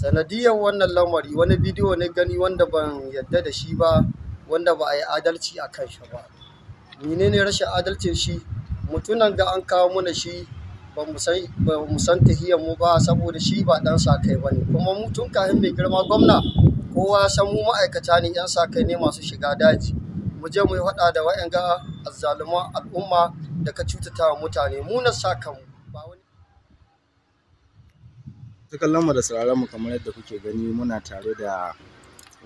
Sanadiyar wannan lamari wani bidiyo ne gani wanda ban yadda da shi ba wanda ba a yi adalci a kan shi ba menene rashin adalcin shi mutunan ga an kawo mana shi ba mu tahiyar mu ba saboda shi ba dan sa kai bane kuma mutun kahin mai girma gwamna kowa san mu ma'aikata ne yan sa kai ne masu shiga daji mu je mu yi hada da wa'yan ga azzaluman al'umma da ka cutata mutane mu na sa kanmu ta kallon mu da sauraron mu kamar yadda kuke gani muna tare da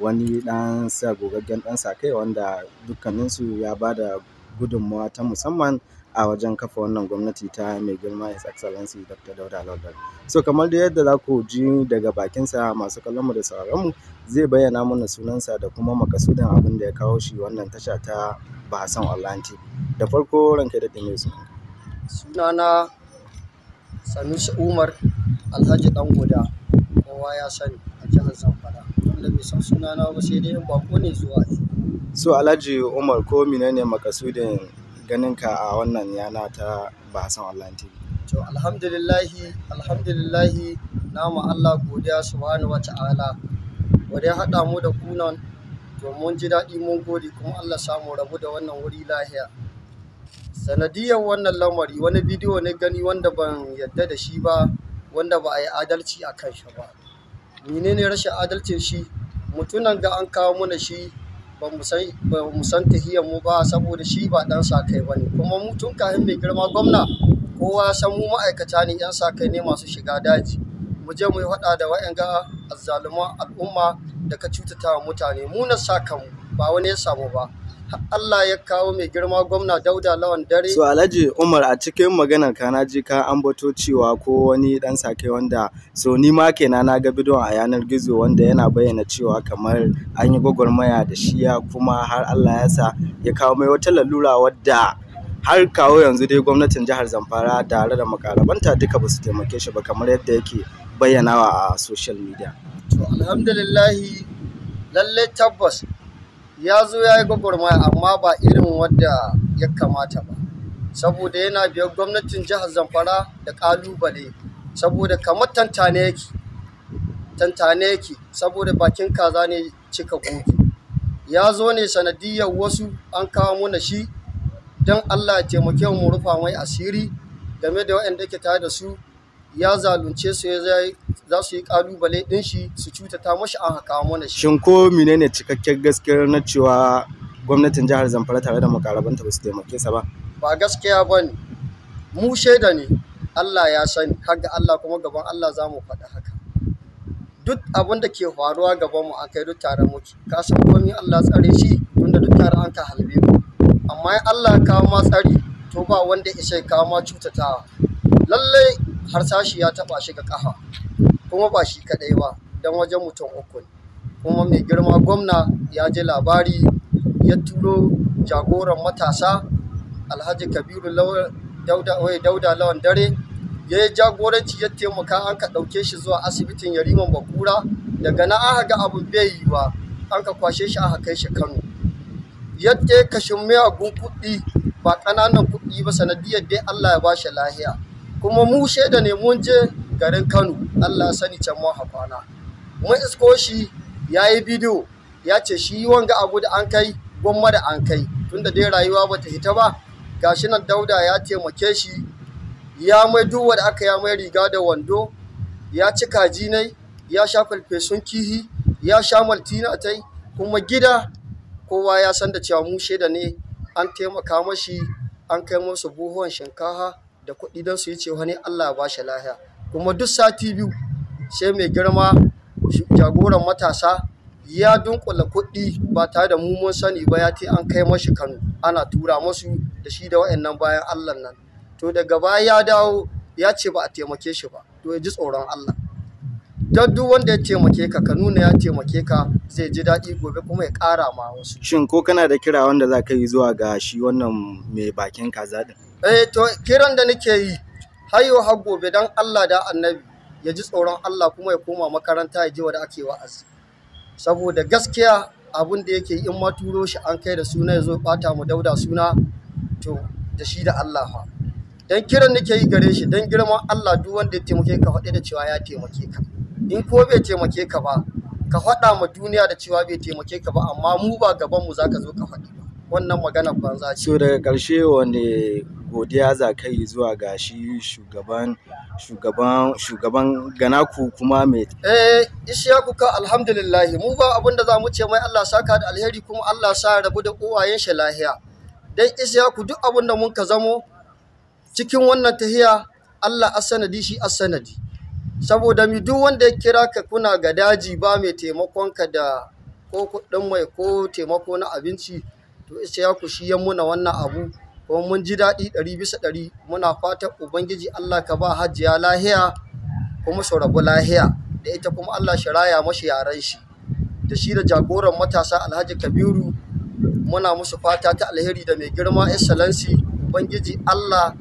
wani dan sa gogaggen dan sa kai wanda dukkaninsu ya ba da gudunmawa ta musamman a wajen kafa wannan gwamnati ta mai girma his excellency dr dauda lawal so kamar da yadda za ku ji daga bakinsa masu kallonmu da mu zai bayyana mana sunansa da kuma makasudin abin da ya kawo shi wannan tasha ta bahasan online tv da farko ranka da dame su sunana sanusi umar Alhaji Dan guda, kowa ya sani a jihar Zamfara wanda bai san sunana ba sai dai in bako ne zuwa shi. So Alhaji Umar ko menene makasudin ganinka a wannan yana ta ba san allah TV? To alhamdulillahi alhamdulillahi nama Allah godiya subhanahu wa ta'ala wanda ya mu da kunan to mun ji daɗi mun gode kuma Allah samu rabu da wannan wuri lahiya. Sanadiyar wannan lamari wani bidiyo ne gani wanda ban yadda da shi ba wanda ba a yi adalci a kan shi ba menene rashin adalcin shi mutunan ga an kawo mana shi ba mu san tahiyar mu ba saboda shi ba dan sa kai bane kuma mu mai girma gwamna kowa san mu ma'aikata ne yan sa kai ne masu shiga daji mu je mu yi faɗa da wa'anga azzaluman al'umma da ka cutata mutane mu na sa kan ba wani ya samu ba Allah ya kawo mai girma gwamna Dauda Lawan Dare. So Alhaji Umar a cikin maganar ka na ji ka ambato cewa ko wani dan sake wanda so ni ma kenan na ga bidiyon a yanar gizo wanda yana bayyana cewa kamar an yi gwagwarmaya da shiya kuma har Allah ya sa ya kawo mai wata lalura wadda har kawo yanzu dai gwamnatin jihar Zamfara tare da makarabanta duka ba su taimake shi ba kamar yadda yake bayyanawa a social media. To alhamdulillah lallai tabbas ya zo ya yi gwagwarmaya amma ba irin wadda ya kamata ba saboda yana biyar gwamnatin jihar zamfara da kalubale saboda kamar tantane yake tantane yake saboda bakin kaza ne cika goge ya zo ne sanadiyar wasu an kawo muna shi don allah ya taimake mu rufa mai asiri game da waɗanda ke tare da su ya zalunce su ya za su yi kalubale din shi su cutata mashi an haka mana shi. Shin ko menene cikakken gaskiyar na cewa gwamnatin jihar Zamfara tare da makarabanta ba su taimake sa ba? Ba gaskiya ba ne. Mu shaida ne Allah ya sani har ga Allah kuma gaban Allah za mu faɗi haka. Duk abinda ke faruwa gaban mu an kai duk tare muke. Ka san komai Allah tsare shi tunda duk tare an ka halbe mu. Amma Allah kawo ma tsari to ba wanda ya isa kawo ma cutatawa. Lallai harsashi ya taba shi ga kafa kuma ba shi kaɗai ba dan wajen mutum uku kuma mai girma gwamna ya ji labari ya turo jagoran matasa alhaji kabiru dauda lawan dare ya yi jagoranci ya taimaka an ka ɗauke shi zuwa asibitin yariman bakura daga na aka ga abin bai yi ba an ka kwashe shi aka kai shi kano yadda ya kashe miyagun kuɗi ba ƙananan kuɗi ba sanadiyar dai allah ya ba shi lahiya kuma mu shaida ne mun je garin kano allah sani can mu hakwana mun isko shi ya yi bidiyo ya ce shi wanga abu da an kai gwamma da an kai tunda dai rayuwa bata hita ba gashi nan dauda ya taimake shi ya mai duwa da aka ya mai riga da wando ya ci kajinai ya sha farfesun kihi ya sha maltina tai kuma gida kowa ya san da cewa mu shaida ne an taimaka mashi an kai musu buhuwan shinkafa da kuɗi don su yi cewa ne Allah ba shi lahiya kuma duk sati biyu sai mai girma jagoran matasa ya dunkula kuɗi ba tare da mun sani ba ya ce an kai mashi Kano ana tura masu da shi da wa'annan bayan Allah nan to daga baya ya dawo ya ce ba a taimake shi ba to ya ji tsoron Allah don duk wanda ya taimake ka ka nuna ya taimake ka zai ji daɗi gobe kuma ya ƙara ma wasu. Shin ko kana da kira wanda za ka yi zuwa ga shi wannan mai bakin kaza ɗin? eh to kiran da nake yi hayo har gobe dan Allah da annabi ya ji tsoron Allah kuma ya koma makaranta ya ji wa da ake wa'azi saboda gaskiya abun da yake in ma turo shi an kai da suna ya zo bata mu dauda suna to da shi da Allah fa dan kiran nake yi gare shi dan girman Allah duk wanda ya taimake ka faɗi da cewa ya taimake ka in ko bai taimake ka ba ka faɗa ma duniya da cewa bai taimake ka ba amma mu ba gaban mu zaka zo ka faɗi wannan magana banza ce daga karshe wani godiya za ka yi zuwa ga shi shugaban shugaban shugaban ganaku kuma mai eh ishaku ka alhamdulillah mu ba abin da za mu ce mai Allah saka da alheri kuma Allah sa rabu da uwayen shi lahiya dan ku duk abin da mun ka zamo cikin wannan tahiya Allah as shi as saboda mi duk wanda ya kira ka kuna ga daji ba mai taimakon ka da ko kuɗin mai ko taimako na abinci to ku shi ya muna wannan abu kuma mun ji daɗi ɗari bisa ɗari muna fatan ubangiji allah ka ba hajjiya lahiya kuma su rabu lahiya da ita kuma allah shi raya mashi yaran shi da shi da jagoran matasa alhaji kabiru muna musu fata ta alheri da mai girma excellency ubangiji allah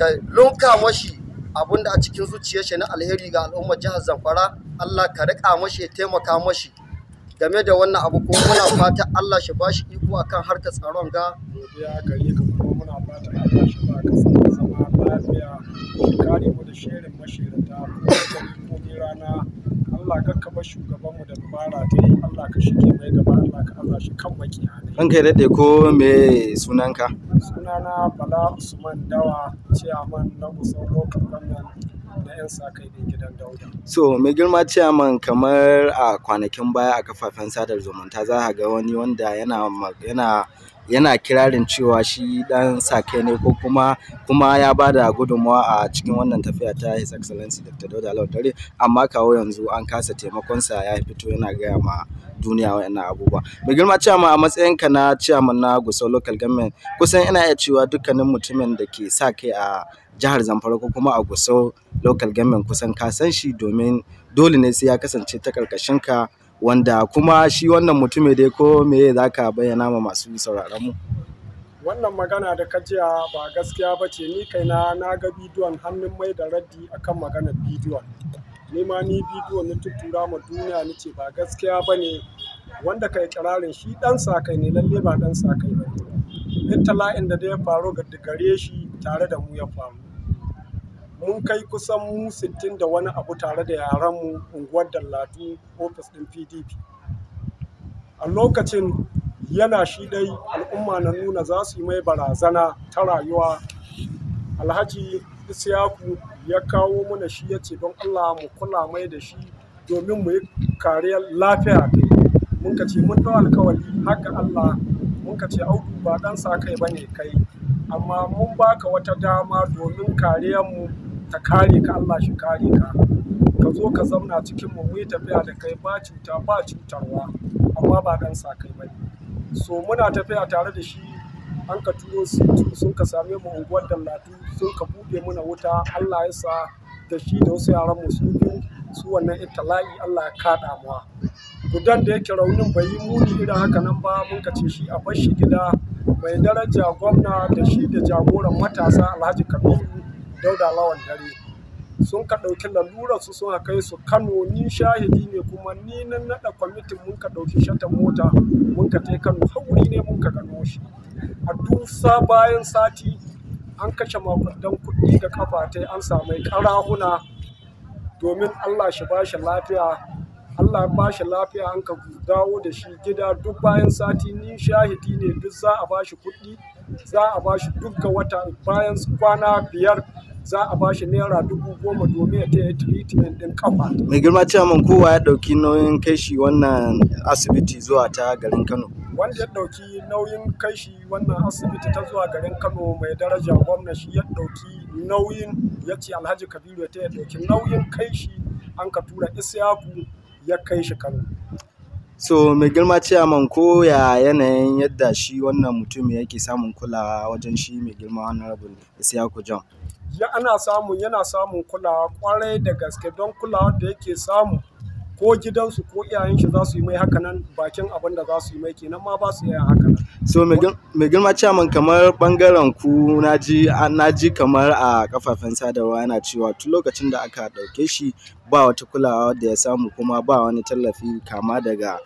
ta lunka mashi abinda a cikin zuciyar shi na alheri ga al'ummar jihar Zamfara Allah ka rika mashi taimaka mashi game da wannan abu kuma muna fata Allah shi bashi iko akan harkar tsaron ga godiya muna fatan Allah shi ba ƙasar mu zama lafiya shi kare mu da shirin mashirata ko da rana Allah ka kaba shugaban mu da fara ta yi Allah ka shige mai gaba Allah ka Allah shi kan makiya an kai daɗe ko me sunanka sunana Bala Usman Dawa ciyaman na kusan lokacin wannan na 'yan sa-kai ne gidan dauda. So, mai girma ciyaman kamar a kwanakin baya a kafafen sadar zumunta za a ga wani wanda yana, yana yana kirarin cewa shi dan sake ne ko kuma kuma ya ba da gudunmawa a cikin wannan tafiya ta his excellency dr dauda lautare amma kawo yanzu an kasa taimakonsa ya fito yana gaya ma duniya wa'annan abubuwa mai girma cewa ma a matsayinka na ciyaman na gusau local government kusan ina iya cewa dukkanin mutumin da ke sa kai a jihar zamfara ko kuma a gusau local government kusan ka san shi domin dole ne sai ya kasance ta karkashin ka wanda kuma shi wannan mutumin dai ko me za ka bayyana ma masu sauraron mu wannan magana da ka jiya ba gaskiya ba ce ni kaina na ga bidiyon hannun mai da raddi akan maganar bidiyon ni ma ni bidiyon na tuttura ma duniya ni ce ba gaskiya ba ne wanda kai kirarin shi dan sa ne lalle ba dan sa kai ba ne tala'in da ya faru ga gare shi tare da mu ya faru mun kai kusan mu sittin da wani abu tare da yaranmu unguwar dallatu ofis ɗin pdp a lokacin yana shi dai al'umma na nuna za su yi mai barazana ta rayuwa alhaji Isyaku ya kawo mana shi ya ce don allah mu kula mai da shi domin mu yi kariyar lafiya ne mun ka ce mun dau alkawari haka allah mun ka ce audu ba dan sa kai ba ne kai amma mun baka wata dama domin kariyar mu ta kare ka Allah shi kare ka ka zo ka zauna cikin mu yi tafiya da kai ba cuta ba cutarwa amma ba dan sa kai bane so muna tafiya tare da shi an ka turo su sun ka same mu unguwar dallatu sun ka buɗe muna wuta Allah ya sa da shi da wasu yaran mu su biyu su wannan itala'i Allah ya kada mu gudan da yake raunin bai yi muni irin haka nan ba mun ka ce shi a bar shi gida mai daraja gwamna da shi da jagoran matasa Alhaji Kabiru dauda lawan dare sun ka ɗauki lalurar su suka kai su kano ni shahidi ne kuma ni na naɗa kwamitin mun ka ɗauki shatan mota mun ka tai kano hauri ne mun ka gano shi a dusa bayan sati an kashe makudan kuɗi da kafatai an samai karahuna domin allah shi ba shi lafiya Allah ba shi lafiya an ka dawo da shi gida duk bayan sati ni shahidi ne duk za a ba shi kuɗi za a ba shi duk ga wata bayan kwana biyar za a ba shi naira dubu goma domin ya ta yi treatment din kafa. mai girma man kowa ya ɗauki nauyin kai shi wannan asibiti zuwa ta garin kano wanda ya ɗauki nauyin kai shi wannan asibiti ta zuwa garin kano mai daraja gwamna shi ya ɗauki nauyin ya ce alhaji kabiru ta taya ɗauki nauyin kai shi an ka tura Isiyaku ya kai shi kano so mai girma ciyaman man koya yanayin yadda shi wannan mutum yake samun kulawa wajen shi mai girma honorable isiyaku john ana samu yana samun kulawa kwarai da gaske don kulawa da yake samu ko gidansu ko iyayen shi za su yi mai hakanan bakin abin da za su yi mai kenan ma ba su yi hakanan. so mai girma chairman kamar bangaren ku na ji kamar a kafafen sadarwa yana cewa tun lokacin da aka ɗauke shi ba wata kulawa da ya samu kuma ba wani tallafi kama daga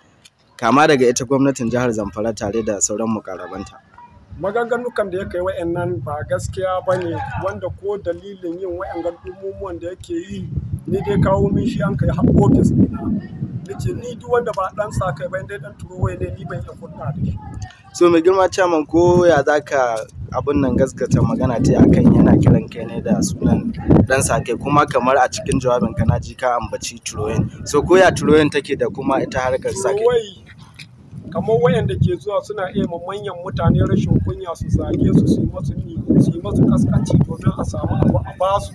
kama daga ita gwamnatin jihar zamfara tare da sauran mukarabanta. maganganukan da ya kai nan ba gaskiya ba ne wanda ko dalilin yin wa'in dumumuwan da yake yi ni dai kawo min shi an kai har ofis ɗina nace ni duk wanda ba dan sa kai ba dai dan turo wai ne ni ban iya da shi so mai girma chairman ko ya ka abin nan gaskata magana ta akan yana kiran kai ne da sunan dan sa kai kuma kamar a cikin jawabin ka na ji ka ambaci turoyin so ko ya turoyin take da kuma ita harkar sa kai kamar wayanda ke zuwa suna iya ma manyan mutane rashin kunya su zage su su yi masu ni kaskanci domin a samu abu a basu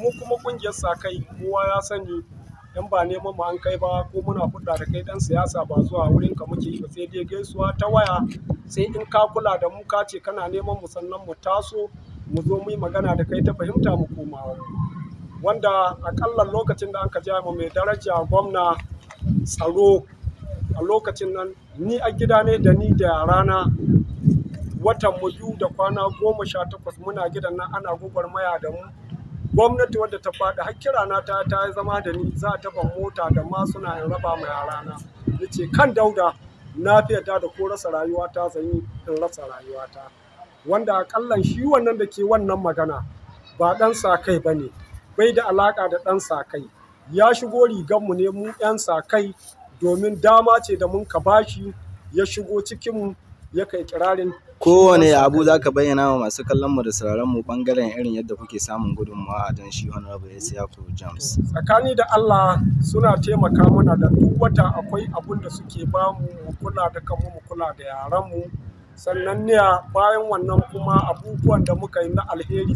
mu kuma kungiyar sa kai kowa ya sani dan ba neman mu an kai ba ko muna hudda da kai dan siyasa ba zuwa wurin ka muke yi ba sai dai gaisuwa ta waya sai in ka kula da mu ka ce kana neman mu sannan mu taso mu zo mu yi magana da kai ta fahimta mu koma wanda akalla lokacin da an ka mu mai daraja gwamna tsaro a lokacin nan ni a gida ne da ni da rana watan mu biyu da kwana goma sha takwas muna gidan nan ana maya da mu gwamnati wadda ta faɗi har kira na ta ta zama da ni za ta ban mota da ma suna in raba mu yarana nace kan dauda na fi yadda da ko rasa rayuwata zan yi in rasa rayuwata wanda akallan shi wannan da ke wannan magana ba ɗan sa kai ba ne bai da alaƙa da ɗan sa kai ya shigo mu ne mu 'yan sa kai domin dama ce da mun ka bashi ya shigo cikin ya kai kirarin kowane abu za ka bayyana wa masu kallon mu da sauraron mu bangaren irin yadda kuke samun gudunmawa don shi honorable Isiyaku James tsakani da Allah suna taimaka mana da duk wata akwai abun da suke ba mu mu kula da kanmu mu kula da yaran mu sannan ne bayan wannan kuma abubuwan da muka yi na alheri